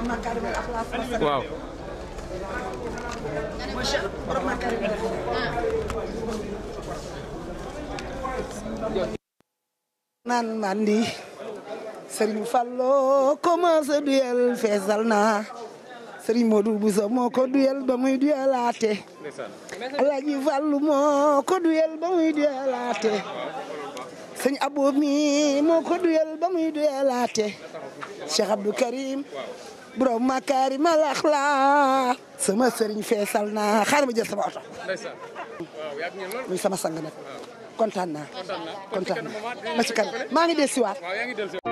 waaw. naan man di Serigne Fallou duyel feesal naa Serigne Modou Bousso moo duyel ba muy duyelaate Alaaji Fallou moo ko duyel ba muy duyelaate sëñ Abou mi moo duyel ba muy duyelaate Cheikh Abdou Karim borom makaarima lax laa sama sëriñ feesal naa xaaral ma jël sama oto. muy sama sang nag kontaan naa kontaan naa ma ci maa ngi dellusiwaat.